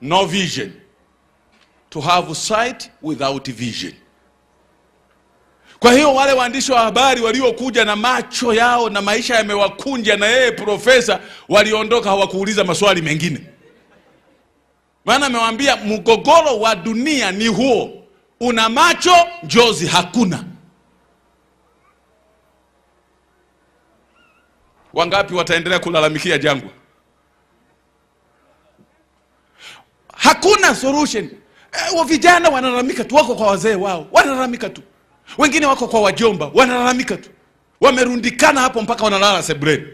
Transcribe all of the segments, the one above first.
no vision, to have sight without vision. Kwa hiyo wale waandishi wa habari waliokuja na macho yao na maisha yamewakunja, na yeye profesa, waliondoka hawakuuliza maswali mengine, maana amewaambia mgogoro wa dunia ni huo, una macho njozi hakuna. Wangapi wataendelea kulalamikia jangwa? hakuna solution. E, vijana wanalalamika tu, wako kwa wazee wao wanalalamika tu, wengine wako kwa wajomba wanalalamika tu, wamerundikana hapo mpaka wanalala sebreni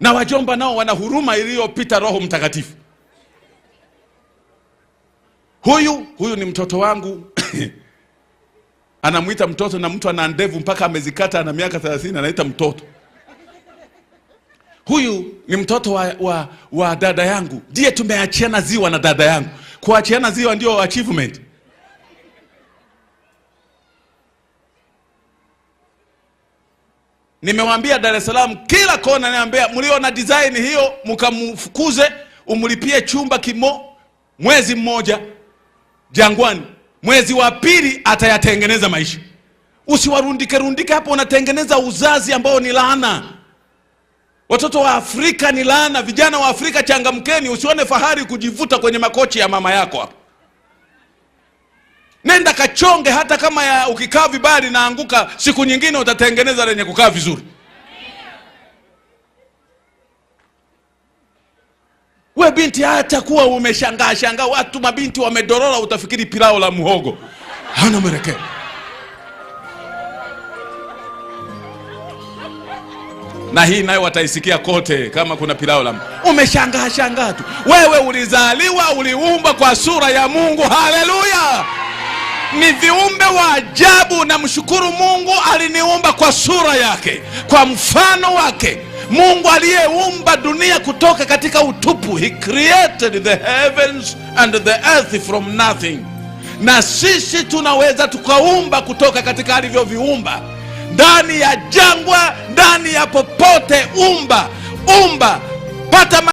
na wajomba nao wana huruma iliyopita Roho Mtakatifu. Huyu huyu ni mtoto wangu anamwita mtoto, na mtu ana ndevu mpaka amezikata, ana miaka thelathini, anaita mtoto huyu ni mtoto wa, wa, wa dada yangu, ndiye tumeachiana ziwa na dada yangu. Kuachiana ziwa ndio achievement. nimewambia Dar es Salaam kila kona, niambia mlio na design hiyo, mkamfukuze umlipie chumba kimo mwezi mmoja Jangwani, mwezi wa pili atayatengeneza maisha. Usiwarundike rundike hapo, unatengeneza uzazi ambao ni laana. Watoto wa Afrika ni laana. Vijana wa Afrika changamkeni, usione fahari kujivuta kwenye makochi ya mama yako hapa. Nenda kachonge, hata kama ya ukikaa vibaya linaanguka, siku nyingine utatengeneza lenye kukaa vizuri. We binti, hata kuwa umeshangaa shangaa, watu mabinti wamedorora, utafikiri pilao la muhogo hana mwelekeo. na hii nayo wataisikia kote, kama kuna pilao la umeshangaa shangaa tu. Wewe ulizaliwa uliumbwa kwa sura ya Mungu. Haleluya! ni viumbe wa ajabu. Namshukuru Mungu aliniumba kwa sura yake, kwa mfano wake. Mungu aliyeumba dunia kutoka katika utupu, he created the heavens and the earth from nothing. Na sisi tunaweza tukaumba kutoka katika alivyoviumba ndani ya jangwa, ndani ya popote, umba, umba, pata